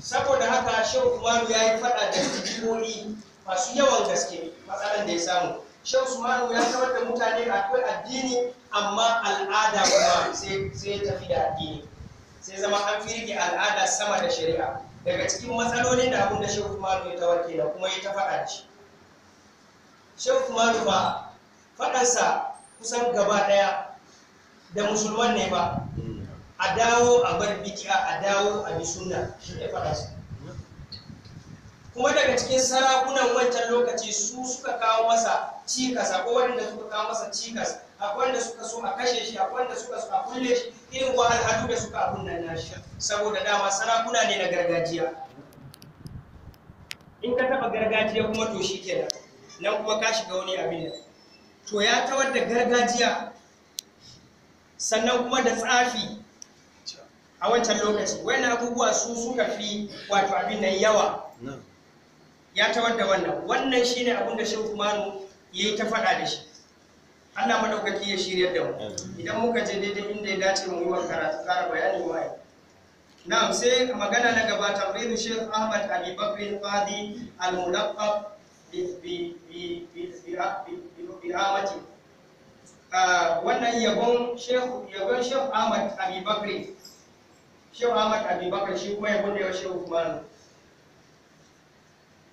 saboda haka shehu umaru ya yi faɗa da jikimoni masu yawan gaske matsalar da ya samu shehu umaru ya samar da mutane akwai addini amma al'ada kuma sai ya tafi da addini sai zama an firge al'ada sama da shari'a daga cikin matsalolin da abin da shehu umaru ya tawarke da kuma ya ta faɗa da shi shehu umaru ba faɗansa kusan gaba ɗaya da musulman ne ba a dawo a bar bikiya a dawo a bi suna shi ne fara su kuma daga cikin sarakunan wancan lokaci su suka kawo masa cikas akwai wanda suka kawo masa cikas akwai wanda suka so a kashe shi akwai wanda suka so a kulle shi irin al'adu da suka abun nan nashi saboda dama sarakuna ne na gargajiya in ka taba gargajiya kuma to shi kenan nan kuma ka shiga wani abin nan to ya tawar da gargajiya sannan kuma da tsafi a wancan lokaci wani abubuwa su suka fi wato abin nan yawa ya ta wanda wannan wannan shine abin da shi kuma ya yi ta faɗa da shi Allah madaukaki ya shiryar da mu idan muka je daidai inda ya dace mu yi wa karatu tsara bayani wa na'am sai magana na gaba tafriru Sheikh Ahmad Ali Bakr Qadi al-Mulaqqab bi bi bi bi bi bi Ah, wannan yabon shehu yabon shehu ahmad abubakar shehu ahmad abubakar shi kuma yabon da ya shehu kumanu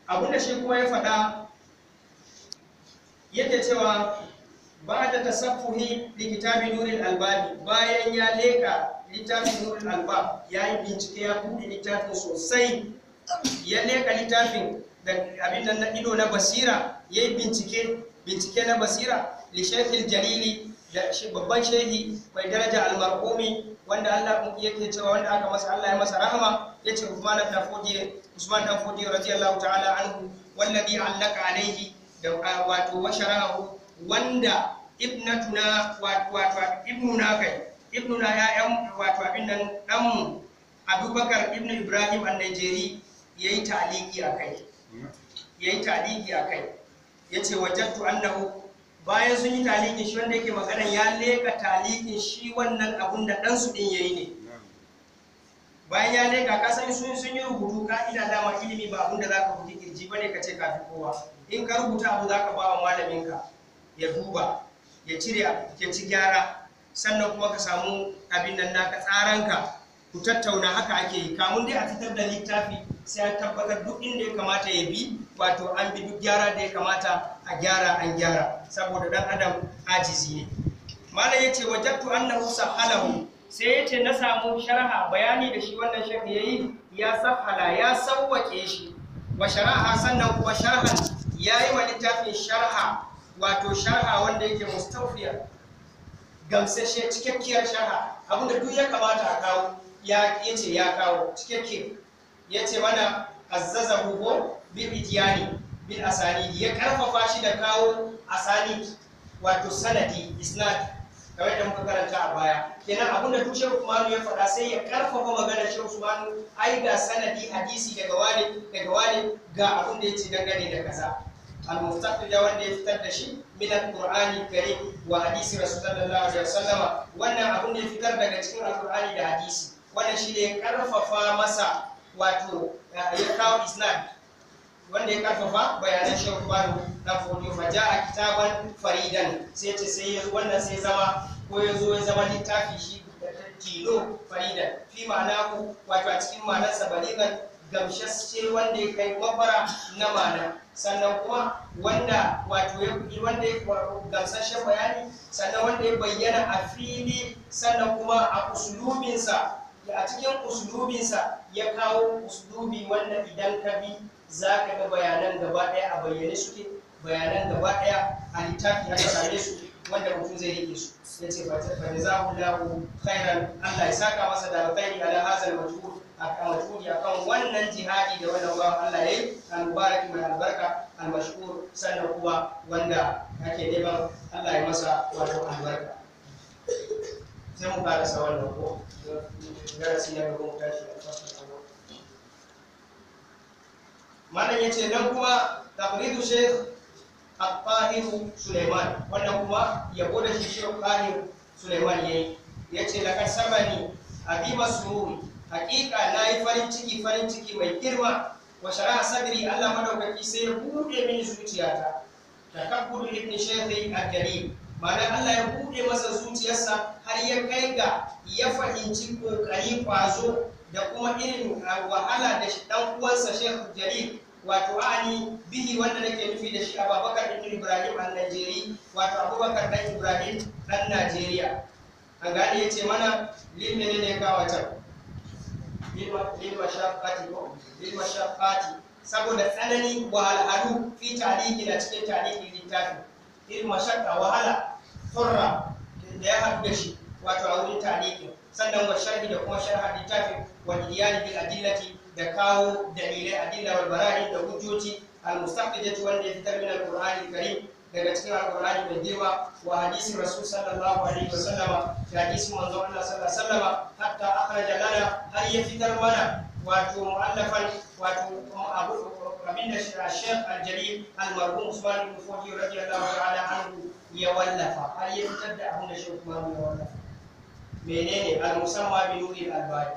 abinda shi kuma ya faɗa yake cewa ba da tasaffuhi da kitabin nurin albani bayan ya leka littafin nurin alba ya yi bincike ya buɗe littafin sosai ya leka littafin da abin na ido na basira ya yi bincike bincike na basira li shaykhil da babban shehi mai daraja almarhumi wanda Allah yake cewa wanda aka masa Allah ya masa rahama yace Uthman ibn Affodi Usman ibn Affodi radiyallahu ta'ala anhu wallazi allaka alaihi da wato washarahu wanda ibnatuna wato wato ibnuna kai ibnuna ya'yan wato abin nan dan Abubakar ibn Ibrahim an-Najeri yayi taliki akai yayi taliki akai yace wajadtu annahu bayan sun yi talikin shi wanda yake magana ya leka talikin shi wannan abun da ɗansu ɗin ya yi ne bayan ya leka ka san sun sun yi rubutu ka ina dama ilimi ba abun da za ka buɗe kirji ba ne ka ce ka fi kowa in ka rubuta abu za ka ba wa malaminka ya duba ya cire ya ci gyara sannan kuma ka samu abin nan naka tsaranka ku tattauna haka ake yi kamun dai a fitar da littafi sai an tabbatar duk inda ya kamata ya bi wato an bi duk gyara da ya kamata a gyara an gyara saboda dan adam ajizi ne malam yace na annahu sahalahu sai yace na samu sharha bayani da shi wannan shafi yayi ya sahala ya sawwake shi wa sharha sannan kuma sharhan yayi wa littafin sharha wato sharha wanda yake mustawfiya gamsashe cikakkiyar sharha abinda duk ya kamata a kawo ya yace ya kawo cikakkiyar. ya ce mana azzaza hugo bin itiyani bin asanidi ya karfafa shi da kawo asanid wato sanadi isnad kamar da muka karanta a baya kenan abinda duk usmanu ya faɗa sai ya karfafa maganar shehu usmanu ai ga sanadi hadisi daga wani daga wani ga abin da yace dangane da kaza al-muftaqi da wanda ya fitar da shi min al-qur'ani karim wa hadisi rasulullahi alaihi wannan abin da ya fitar daga cikin al-qur'ani da hadisi wannan shi ne ya karfafa masa wato eh, ya kawo islam wanda ya karfafa bayanan shan bano na fodiyo maja a kitaban faridan sai ce sai ya wannan sai zama ko ya zo ya zama littafi shi da tilo faridan fi ma'ana ku wato a cikin ma'anarsa baligan gamshasce wanda ya kai mafara na ma'ana sannan kuma wanda wato ya kuɗi wanda ya gamsashen bayani sannan wanda ya bayyana a fili sannan kuma a usulubinsa a cikin usulubinsa ya kawo usulubi wanda idan ka bi za ka ga bayanan gaba daya a bayyane suke bayanan gaba daya a littafi a same su wanda mutum zai rike su ya ce ba ta za mu khairan Allah ya saka masa da alkhairi ala hazal majhul akan majhuli akan wannan jihadi da wannan bawan Allah yayi al-mubarak mai albarka al-mashkur sannan kuwa wanda ake neman Allah ya masa wato albarka sai mu karasa wannan ko darasi na gaba mu tashi a kan ya ce nan kuma takridu sheikh al-qahiru suleiman wannan kuma ya da shi sheikh qahiru suleiman yayi yace ce lakar sabani abi masruri hakika na yi farin ciki farin ciki mai girma wa shara sadri allah madaukaki sai ya buɗe min zuciyata takabbur ibn shaykh al-karim bayan Allah ya buɗe masa zuciyarsa har ya kai ga ya fahimci kokari kwazo da kuma irin wahala da dan uwansa Sheikh Jalil wato ani bihi wanda nake nufi da shi Abubakar ibn Ibrahim al-Najeri wato Abubakar dan Ibrahim dan Najeriya an gani yace mana lin menene ka wata lil mashaqqati ko lil mashaqqati saboda tsananin wahalhalu fi tarihi da cikin tarihi littafi irin mashaqqa wahala hurra da ya haɗu da shi wato a wurin talikin sannan wa sharhi da kuma sharha littafin wa iyali bil adillati da kawo dalilai adilla wal barahi da hujjoji al mustaqidatu wanda ya fitar min al qur'ani karim daga cikin qurani mai girma wa hadisin rasul sallallahu alaihi wa sallama da hadisin manzo Allah sallallahu alaihi wa sallama hatta akhraja lana har ya fitar mana wato mu'allafan wato abu abinda shi Sheikh Al-Jalil Al-Marhum Usman ibn Fodi radiyallahu ta'ala anhu ya wallafa har ya fitar da abin da shi Usman ya wallafa menene al musamma bi nuril albab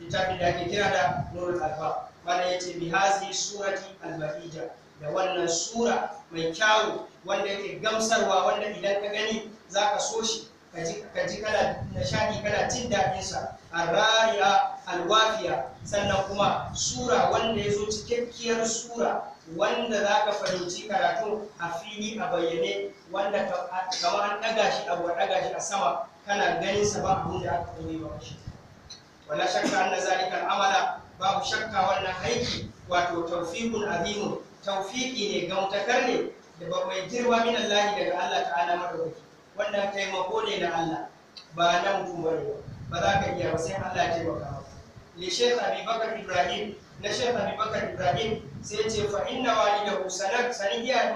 littafin da ake kira da nurul albab mana yace bi hazi surati albahija da wannan sura mai kyawu wanda yake gamsarwa wanda idan ka gani zaka so shi ka ji kana nishadi kana jin daɗin sa arariya alwafiya sannan kuma sura wanda ya zo cikakkiyar sura wanda za ka fahimci karatu a fili a bayyane wanda kamar an ɗaga shi a ɗaga shi a sama kana ganin sa ba abin da aka koyi ba shi wala shakka anna zalika amala? babu shakka wannan aiki wato tawfiqun azimun tawfiqi ne gamtakar ne da ba mai girma min Allah daga Allah ta'ala madaukaki wannan taimako ne na Allah ba nan kuma ba za ka iya ba sai Allah ya taimaka li shaykh abi bakar ibrahim na shaykh abi bakar ibrahim sai ce fa inna walidahu sanad sanadiya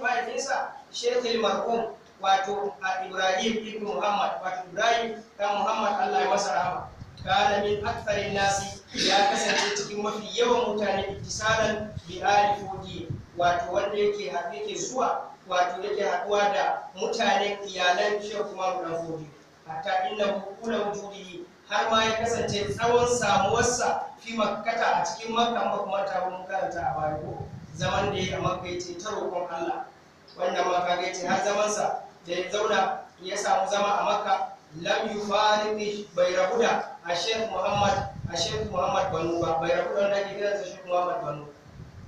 mahaifinsa shaykh al-marhum wato ibrahim ibn muhammad wato ibrahim ta muhammad allah ya masa rahama kana min nasi ya kasance cikin mafi yawan mutane ittisalan bi ali fudi wato wanda yake ke zuwa wato yake haduwa da mutane iyalan shehu kuma dan fudi hatta inna kula wujudi har ma ya kasance tsawon samuwarsa fi makkata a cikin makka ba kuma ta mun karanta a baya ko zaman da ya a makka ce ta roƙon Allah wannan ma kaga yace har zaman sa da ya zauna ya samu zama a makka lam yufariqi bai rabu a Sheikh Muhammad a Sheikh Muhammad Banu ba bai rabu da ke gidan Sheikh Muhammad Banu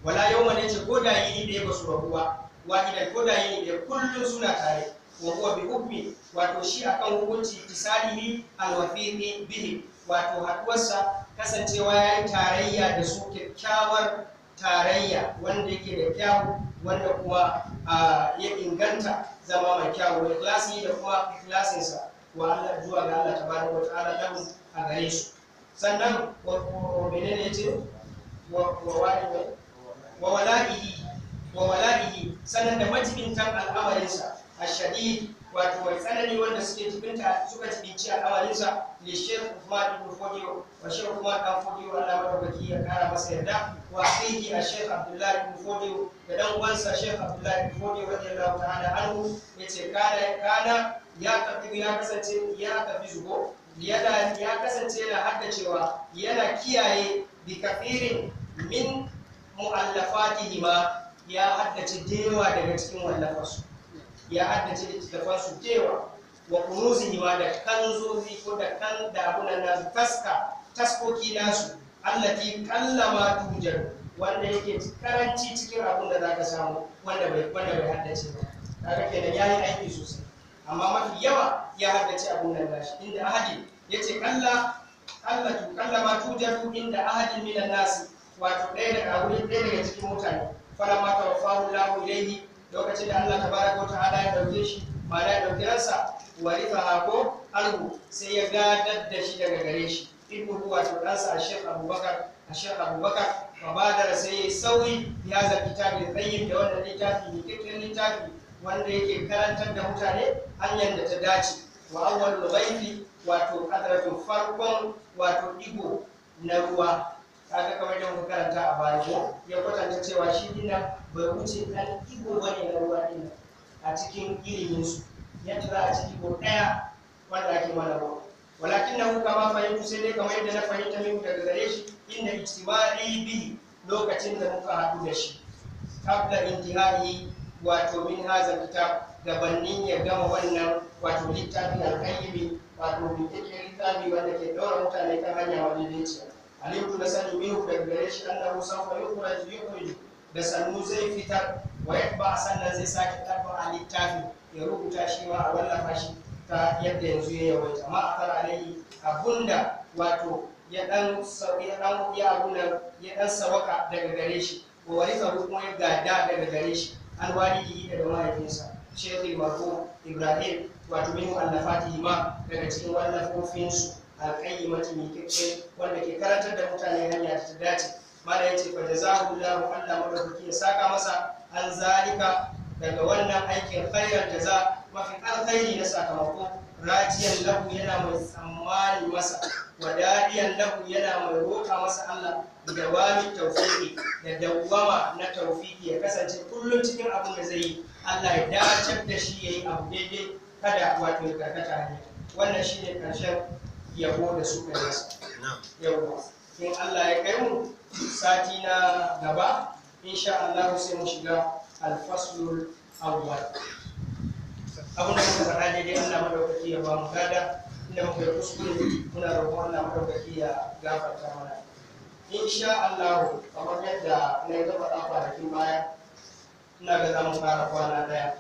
wala yau ne ce ko da yi da ya basu rabuwa wa idan ko da da kullun suna tare wa huwa bi wato shi akan hukunci tisalihi alwafiqi bihi wato haduwarsa kasancewa ya yi tarayya da su kyakkyawar tarayya wanda yake da kyawu wanda kuma ya inganta zama mai kyawu da klasi da kuma klasinsa wa Allah zuwa ga Allah tabaraka wa ta'ala lahu a gare su sannan wa menene yace ce wa wala'ihi wa wala'ihi sannan da majibintan al'amarinsa ashadid wato mai tsanani wanda suke jibinta suka jibinci al'amarinsa da shekh Uthman ibn Fodio wa shekh Uthman dan Fodio Allah madaukaki ya kara masa yarda wa akhihi a shekh Abdullahi ibn Fodio da dan uwansa shekh Abdullahi ibn Fodio radiyallahu ta'ala anhu yace kana kana ya tafi ya kasance ya tafi zugo yana ya kasance na haddacewa yana kiyaye bi kafirin min mu'allafatihima ya haddace dewa daga cikin wallafarsu ya haddace littattafa su dewa wa kunuzi ma da kanzozi ko da kan damunan nasu taska taskoki nasu allati kallama tujar wanda yake karanci cikin abin da zaka samu wanda bai wanda bai haddace ba kaga kenan yayi aiki sosai amma mafi yawa ya haddace da nan nashi inda ahadi yace kalla Allah tu kallama ku inda ahadi minan nasu. wato ɗaya daga wuri ɗaya daga cikin mutane fala ma tawaffahu Allahu ilayhi lokacin da Allah tabaraka ta'ala ya dauke shi ma ya dauke ransa warithaha ko alhu sai ya gadar da shi daga gare shi ibnu huwa to ɗansa a shek abubakar a shek abubakar mabadara sai ya sauri ya ta mai tsayin da wannan littafi ne kirkin littafi wanda yake karantar da mutane hanyar da ta dace wa awwalul ghaibi wato hadratun farkon wato digo na ruwa kaga kamar da muka karanta a baya ko ya kwatanta cewa shi dina bai wuce kan igo bane na ruwa dina a cikin ilimin su yadda za a ci igo daya wanda ake mana ba walakin na huka ma fahimtu sai dai kamar yadda na fahimta min daga gare shi inda istiwari bi lokacin da muka haɗu da shi kabla intihai wato min hazan kitab gabanin ya gama wannan wato littafin alƙayyimi wato bincike littafi wanda ke ɗora mutane kan hanya wajen aliku da sanu mihu daga gare shi Allah musa fa yukhraj yukhrij da sanu zai fitar wa ba na zai sake tabba a littafi ya rubuta shi ma a wallafa shi ta yadda yanzu ya yawaita ma a tara abunda wato ya dan ya dan ya abunda ya dan sawaka daga gare shi wani warisa kuma ya gada daga gare shi an walidi daga mahaifinsa shekhi marhum ibrahim wato min allafatihi ma daga cikin wallafofinsu alqayyimati mai kyauce wanda ke karantar da mutane hanya da ta dace mala yace fa jazahu Allahu Allah madaukaki ya saka masa an zalika daga wannan aikin khairan za mafi alkhairi na sakamako rajiyan lahu yana mai tsammani masa wadadiyan lahu yana mai roƙa masa Allah da dawami tawfiki da dawwama na tawfiki ya kasance kullum cikin abin da zai yi Allah ya dace da shi yayi abu daidai kada wato ya karkata hanya wannan shine karshen yabo da su yi masa yawwa in Allah ya kai mu sati na gaba insha Allah sai mu shiga alfaslul awwal abun da muka faɗa daidai Allah madaukaki ya ba mu gada inda muka yi kuskure muna roƙon Allah madaukaki ya gafarta mana insha Allah kamar yadda na yi gaba ɗafa da kin baya ina ga zamu fara kwana ɗaya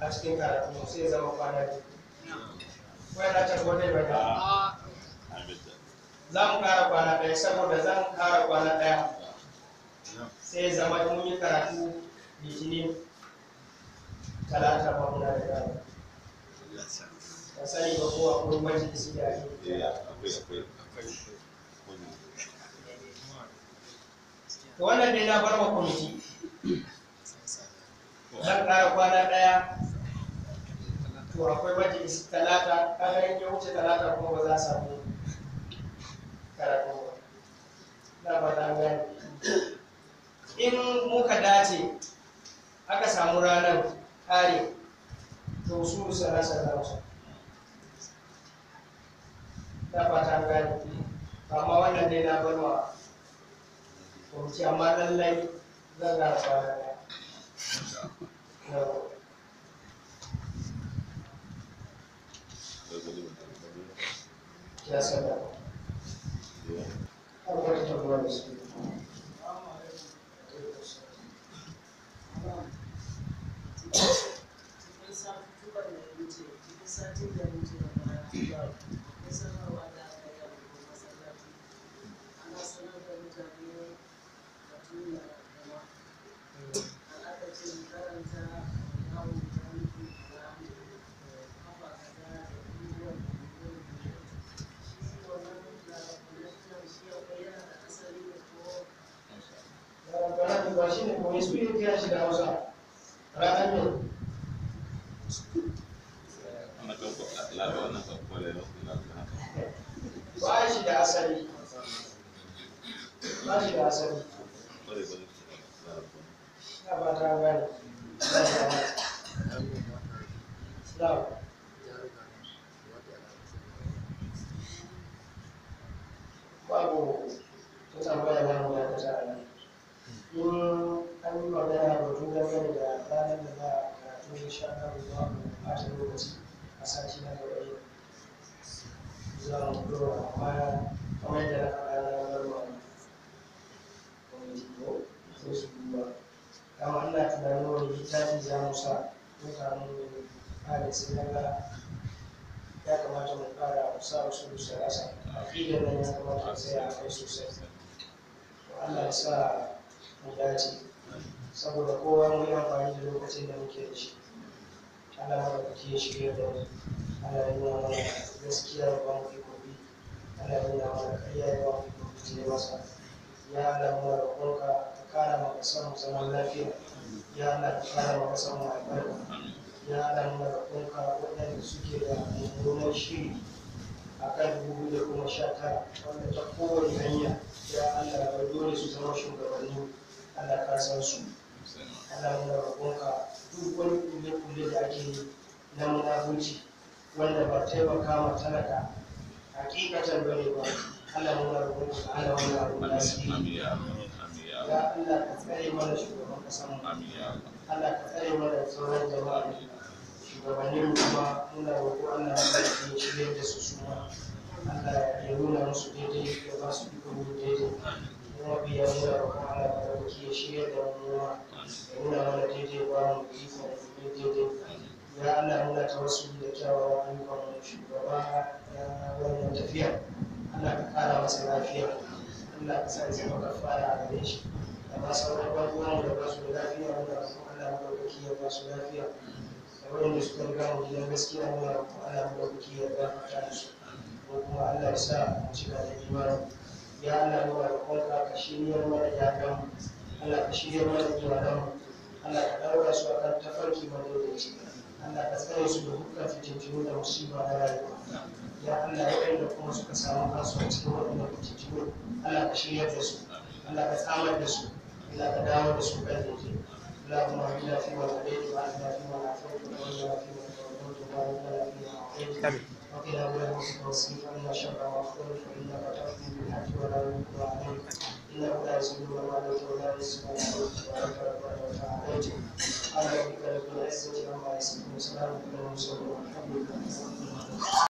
a cikin karatu sai zama kwana biyu wayar ta gode ba ta ah. za mu kara kwana ɗaya saboda za mu kara kwana ɗaya sai zama mun yi karatu litinin talata ba muna da gara ba sani ba kowa ko akwai majalisi da ake eh, wannan dai na bar wa kwamiti zan kara kwana ɗaya to akwai majalisi talata kaga in ya wuce talata kuma ba za a samu karatu ba na ba za gane in muka dace aka samu ranar kare to su salasa za su na fata gane amma wannan dai na barwa ci amma lallai zan gara kwana ɗaya já a Deus. Agora, então, glória Espírito. da walafiya ya wafi kuce masa ya Allah muna roƙonka ka kara maka samu zaman lafiya ya Allah ka kara maka samu albarka ya Allah muna roƙonka waɗanda suke da mummunan shiri a kan dubu da kuma sha tara wanda ta kowane hanya ya Allah ya dole su zama shugabanni Allah ka san su Allah muna roƙonka duk wani kulle-kulle da ake yi na munafunci wanda ba taimaka ma talaka hakikatan bane ba Allah mu na roƙon ka Allah mu na roƙon ka amin Allah amin ya Allah ka tsare mana shugaban kasan mu Allah ka tsare mana sauran jama'a shugabannin kuma muna roƙo Allah ya shirye da su suma Allah ya nuna musu daidai da ba su ikon daidai kuma biya muna roƙon Allah ya ɗauki ya shirye da mu ya nuna mana daidai ba mu ikon daidai ya Allah muna wasu da kyawawan ayyukan shugaba na wannan tafiya Allah ka kara masa lafiya Allah ka sa ya zama kafara a gare shi da ba sauran ɓangoren da ba su da lafiya Wanda roƙon Allah madaukaki ya ba su lafiya da waɗanda suka riga mu gidan gaskiya muna roƙon Allah madaukaki ya gafarta musu ko kuma Allah ya sa mu ci da imani ya Allah muna roƙonka ka shiryar mana ya iyakanmu Allah ka shiryar mana iyakanmu Allah ka ɗaura su a akan tafarki madaidaici Allah ka tsare su da kuka fitintinu da ba na rayuwa ya Allah waɗanda kuma suka samu kansu a cikin waɗannan fitintinu Allah ka shiryar da su Allah ka tsamar da su Allah ka dawo da su kan daidai اللهم اهدنا فيما هديت وعافنا فيما عافيت وتولنا فيما توليت وبارك لنا فيما اعطيت وقنا ولا نصرف واصرف عنا شر ما قلت فانك تقضي بالحق ولا يقضى عليك إنه لا يزيد ومالك ولا يزيد تبارك ربنا وتعالى على ربك رب العزة عما يصفون وسلام على المرسلين والحمد لله